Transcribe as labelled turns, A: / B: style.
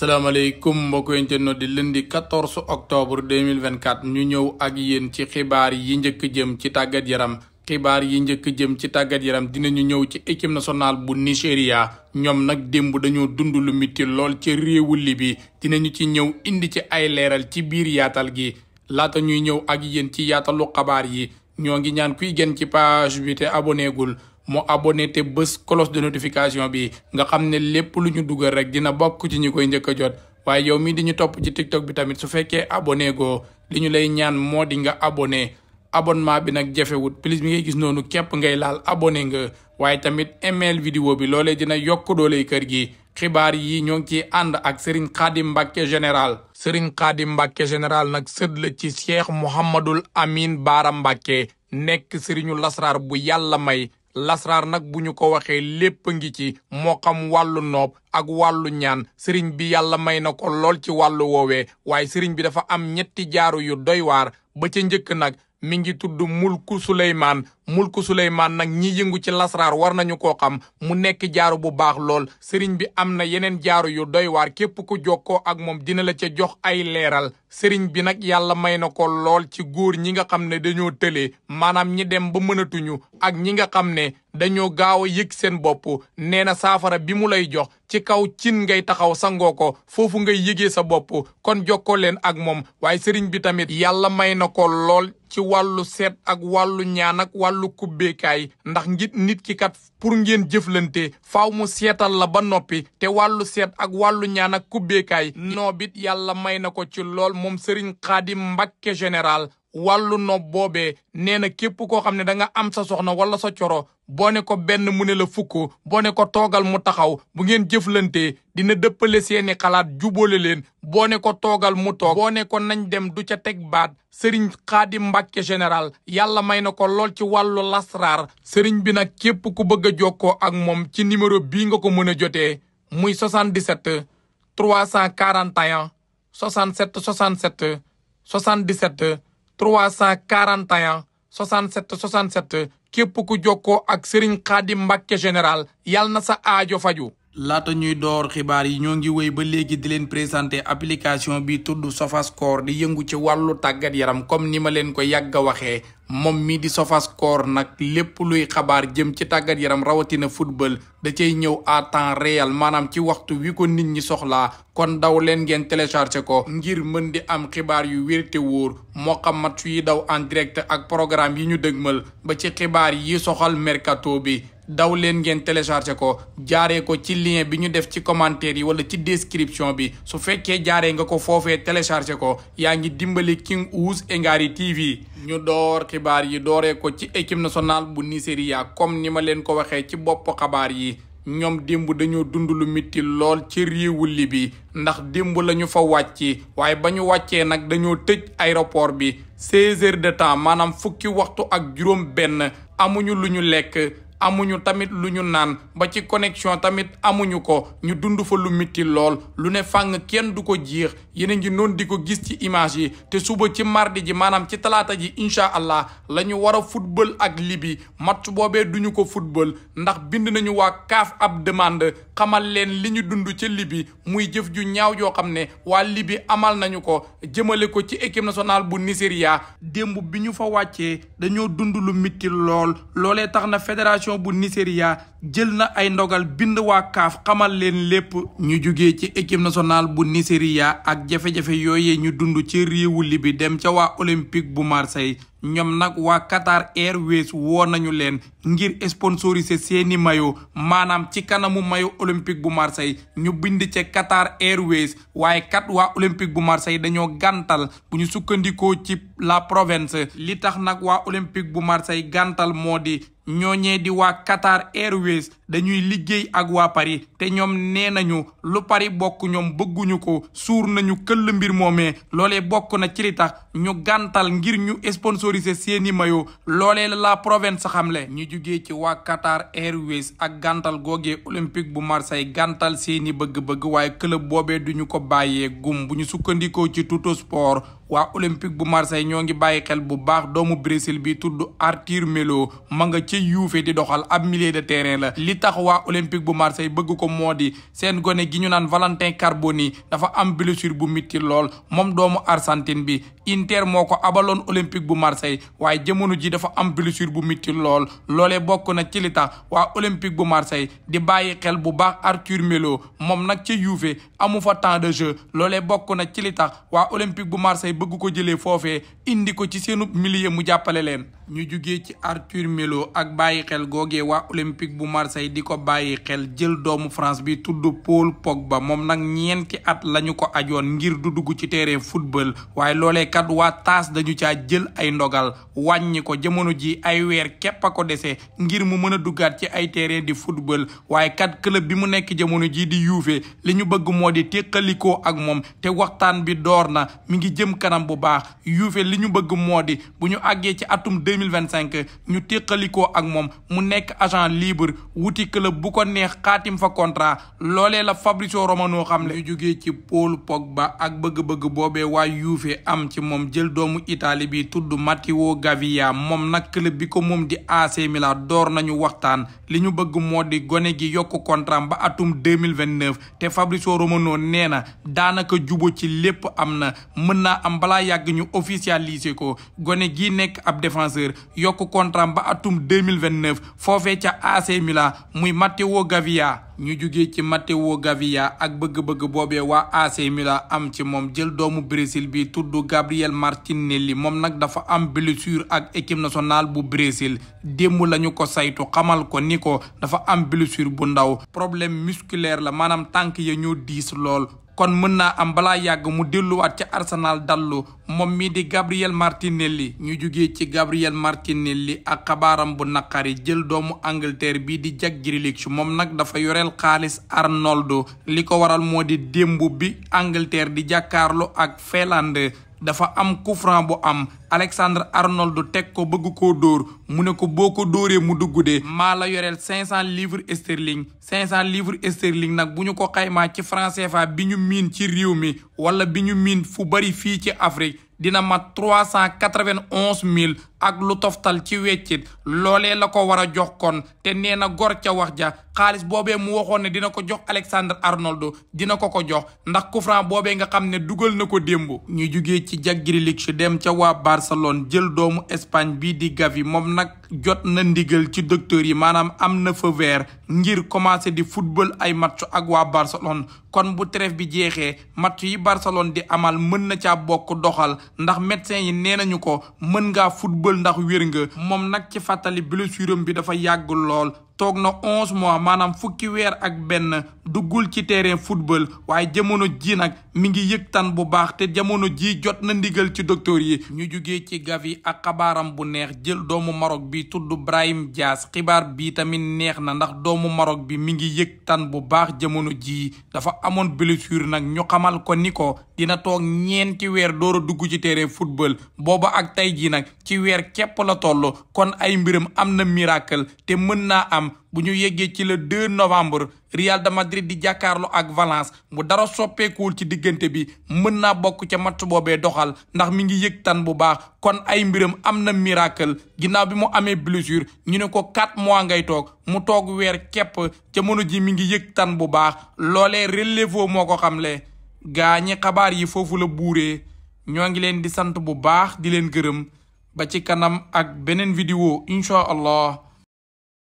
A: salaamaaleykum mbokk internet di lundi 14 octobre 2024 ñu ñëw ak yen ci xibaar yi njëkk jëm ci tàggat yaram xibaar yi njëkk jëm ci tàggat yaram dinañu ñëw ci équipe national bu Nigéria ñoom nag démb dañoo dund lu mitti lool ci réewu Libi dinañu ci ñëw indi ci ay leeral ci biir yaatal gi laata ñuy ñëw ak yéen ci yaatalu xabaar yi ñoo ngi ñaan kuy gën ci page bi te abonné moo abonné te bés cloche de notification bi nga xam ne lépp lu ñu dugal rek dina bokk ci ñu koy njëkk a jot waaye yow mii di ñu topp ci TikTok bi tamit su fekkee abone goo li ñu lay ñaan moo di nga abonné abonnement bi nag jafewut plus mi ngay gis noonu képp ngay laal abonné nga waaye tamit email vidéo bi loole dina yokk dooley kër gi xibaar yi ñoo ngi ciy ànd ak Serigne Khadim Mbacke général Serigne Khadim Mbacke général nag sët la ci Cheikh Mouhamadul Amin Baara Mbacke nekk Serigne Lasrar bu yàlla may lasraar nag bu ñu ko waxee lépp a ngi ci moo xam wàllu noob ak wàllu ñaan sëriñ bi yàlla may na ko lool ci wàllu woowee waaye sëriñ bi dafa am ñetti jaaru yu doy waar ba ca njëkk nag mi ngi tudd mulku suleymaan mulku suleymaan nag ñi yëngu ci lasraar war nañu koo xam mu nekk jaaru bu baax lool sëriñ bi am na yeneen jaaru yu doy waar képp ku jokkoo ak moom dina la ca jox ay leeral sëriñ bi nag yàlla may na ko lool ci góor ñi nga xam ne dañoo tëlee maanaam ñi dem ba mënatuñu ak ñi nga xam ne dañoo gaaw a yëg seen bopp nee na saafara bi mu lay jox ci kaw cin ngay taxaw sangoo ko foofu ngay yëgee sa bopp kon jokkoo leen ak moom waaye sëriñ bi tamit yàlla may na ko lool ci wàllu seet ak wàllu ñaan ak wàllu kubbeekaay ndax ngit nit ki kat pour ngeen jëflante faaw mu seetal la ba noppi te wàllu seet ak wàllu ñaan ak kubbeekaay noobit yàlla may na ko ci lool moom sëriñ Xaadim Mbàkke général wàllu nopp boobee nee na képp koo xam ne danga am sa soxna wala sa coro boo ne ko benn mu ne la fukk boo ne ko toogal mu taxaw bu ngeen jëflante dina dëppale seeni xalaat jubóole leen boo ne ko toogal mu toog boo ne ko nañ dem du ca teg baat sëriñ xaadim mbàkke général yàlla may na ko lool ci wàllu lasraar sëriñ bi nag képp ku bëgg a jokkoo ak moom ci numéro bii nga ko mën a jotee muy 77 341 67 67 77 cent 341 67 67 képp ku jokkoo ak Serigne Khadim Mbacke général yal na sa aajo faju laata ñuy door xibaar yi ñoo ngi wéy ba léegi di leen présenté application bi tudd Sofascore di yëngu ci wàllu tàggat yaram comme ni ma leen ko yàgg a waxee moom mii di Sofascore nag lépp luy xabaar jëm ci tàggat yaram rawatina football da cay ñëw à temps réel maanaam ci waxtu wi ko nit ñi soxlaa kon daw leen ngeen téléchargé ko ngir mën di am xibaar yu wér wóor moo xam match yi daw en direct ak programme yi ñu dëgmal ba ci xibaar yi soxal mercato bi daw leen ngeen téléchargé ko jaaree ko ci lien bi ñu def ci commentaire yi wala ci description bi su fekkee jaaree nga ko foofee téléchargé ko yaa ngi dimbali King Ouse et Ngary TV. ñu door xibaar yi dooree ko ci équipe nationale bu Nigeria comme ni ma leen ko waxee ci bopp xabaar yi. ñoom dimb dañoo dund lu mitti lool ci réewu bi ndax dimb la ñu fa wàcci waaye ba ñu wàccee nag dañoo tëj aéroport bi seize heure de temps maanaam fukki waxtu ak juróom amuñu lu ñu lekk amuñu tamit lu ñu naan ba ci connexion tamit amuñu ko ñu dund fa lu mitti lool lu ne fàng kenn du ko jiix yéen a ngi noonu di ko gis ci image yi te suba ci mardi ji maanaam ci talaata ji incha allah la ñu war a football ak libi match boobee duñu ko football ndax bind nañu waa kaaf ab demande xamal leen li ñu dund ca libi muy jëf ju ñaaw joo xam ne waa libi amal nañu ko jëmale ko ci équipe nationale bu Nigeria démb bi ñu fa wàccee dañoo dund lu mitti lool fédération bu Nigeria jël na ay ndogal bind waa kaaf xamal leen lépp ñu jugee ci équipe national bu Nigeria ak jafe-jafe yooyee ñu dund ci réewu Libi dem ca waa olympique bu Marseille ñoom nag waa Qatar Airways woo nañu leen ngir sponsoriser seeni mayo maanaam ci kanamu mayo olympique bu Marseille ñu bind ca Qatar Airways waaye kat waa olympique bu Marseille dañoo gantal bu ñu sukkandikoo ci la Provence li tax nag waa olympique bu Marseille gàntal moo di ñooñee di waa Qatar Airways dañuy liggéey ak waa Paris te ñoom nee nañu lu pari bokk ñoom bëgguñu ko suur nañu këll mbir moomee loolee bokk na ci li ñu gantal ngir ñu sponsoriser seeni mayo loolee la la province xamle ñu jugee ci waa Qatar Airways ak gantal googee olympique bu Marseille gàntal seeni bëgg-bëgg waaye club boobee duñu ko bàyyee gum bu ñu sukkandikoo ci Tuttosport waa olympique bu marseille ñoo ngi bàyyi xel bu baax doomu brésil bi tudd Arthur Melo ma nga ci yuufe di doxal ab milieu de terrain la li tax waa olympique bu marseille bëgg ko moo di seen gone gi ñu naan Valentin Carboni dafa am blessure bu mitti lool moom doomu arsantine bi Inter moo ko abaloon Olympique bu Marseille waaye jamono ji dafa am blessure bu mitti lool loolee bokk na ci li tax waa Olympique bu Marseille di bàyyi xel bu baax Arthur Melo moom nag ci Juve amu fa temps de jeu loolee bokk na ci li tax waa Olympique bu Marseille bëggu ko jëlee foofe indi ko ci seenu milieu mu jàppale leen ñu jugee ci Arthur milo ak bàyyi xel googee waa olympique bu Marseille di ko bàyyi xel jël doomu France bi tudd Paul ba moom nag ñeenti at lañu ko ajoon ngir du dugg ci terrain football waaye loole kat waa taas dañu caa jël ay ndogal wàññi ko jamono ji ay weer képp a ko dese ngir mu mën a duggaat ci ay terrain di football waaye kat club bi mu nekk jamono ji di Juve li ñu bëgg moo di téqalikoo ak moom te waxtaan bi door na mu ngi jëm kanam bu baax Juve li ñu bëgg moo di mille vingt cinq ñu téqalikoo ak moom mu nekk agent libre wuti club bu ko neex xaatim fa contrat loole la Fabrizio Romano xam ne. ñu jógee ci Paul ba ak bëgg-bëgg boobe waa Juve am ci moom jël doomu Italie bi tudd Matteo Gavia moom nag club bi ko moom di AC Milan door nañu waxtaan li ñu bëgg moo di gone gi yokk contrat ba atum deux mille vingt neuf te Fabrizio Romano nee na daanaka jubo ci lépp am na mën na am balaa yàgg ñu officialiser ko gone gi nekk ab défenseur. yokk contra ba atum deux mille vingt neuf foofee ca AC Milan muy Matteo Gavia. ñu jugee ci Matteo Gavia ak bëgg-bëgg boobee waa AC Milan am ci moom jël doomu Brésil bi tudd Gabriel Martinelli moom nag dafa am blessure ak équipe nationale bu Brésil démb la ñu ko saytu xamal ko ni ko dafa am blessure bu ndaw problème musculaire la maanaam tànk ya ñu diis lool kon mën naa am balaa yàgg mu delluwaat ca Arsenal dallu moom mii di Gabriel Martinelli ñu jugee ci Gabriel Martinelli ak xabaaram bu naqari jël doomu Angleterre bii di Jack Grealish moom nag dafa yoreel xaalis Arnoldo li ko waral moo di démb bi Angleterre di jàkkaarloo ak Finlande dafa am coup bu am Alexandre Arnold teg ko bëgg koo dóor mu ne ko boo ko dóoree mu dugg dee maa la yoreel cinq cent livres sterling cinq cent livres sterling nag bu ñu ko xaymaa ci franc CFA bi ñu miin ci réew mi wala bi ñu miin fu bari fii ci Afrique dina mat trois cent quatre vingt mille ak lu toftal ci weccit loolee la ko war a jox kon te nee na gor ca wax ja xaalis boobee mu waxoon ne dina ko jox Alexandre Arnold dina ko ko jox ndax coup franc boobee nga xam ne dugal na ko démb ñuy jógee ci Jagirillique dem ca waa Barcelone jël doomu Espagne bii di Gavi moom nag jot na ndigal ci docteur yi maanaam am na feu ngir commencé di football ay match ak waa Barcelone kon bu trêve bi jeexee match yi Barcelone di amal mën na caa bokk doxal ndax médecin yi nee nañu ko mën ngaa football ndax wér nga moom nag ci fàttali blessure am bi dafa yàgg lool. toog na onze mois maanaam fukki weer ak benn duggul ci terrain football waaye jamono ji nag mi ngi yëg tan bu baax te jamono ji jot na ndigal ci docteur yi ñu jugee ci yi ak xabaaram bu neex jël doomu Maroc bi tudd Brahim Diaz xibaar bi tamit neex na ndax doomu Maroc bi mi ngi yëg tan bu baax jamono jii dafa amoon blessure nag ñu xamal ko ni ko dina toog ñeenti weer door a dugg ci terrain football booba ak tey jii nag ci weer képp la tolloo kon ay mbiram am na miracle te mën naa am bu ñu yeggee ci le 2 novembre Real de Madrid di jàkkaarloo ak Valence bu dara soppeekuwul ci diggante bi mën naa bokk ca match boobee doxal ndax mi ngi yëg tan bu baax kon ay mbiram am na miracle ginnaaw bi mu amee blessure ñu ne ko 4 mois ngay toog mu toog weer képp jamono ji mi ngi yëg tan bu baax loolee Relevo moo ko xam xamle gaa ñi xabaar yi foofu la buuree ñoo ngi leen di sant bu baax di leen gërëm ba ci kanam ak beneen vidéo incha allah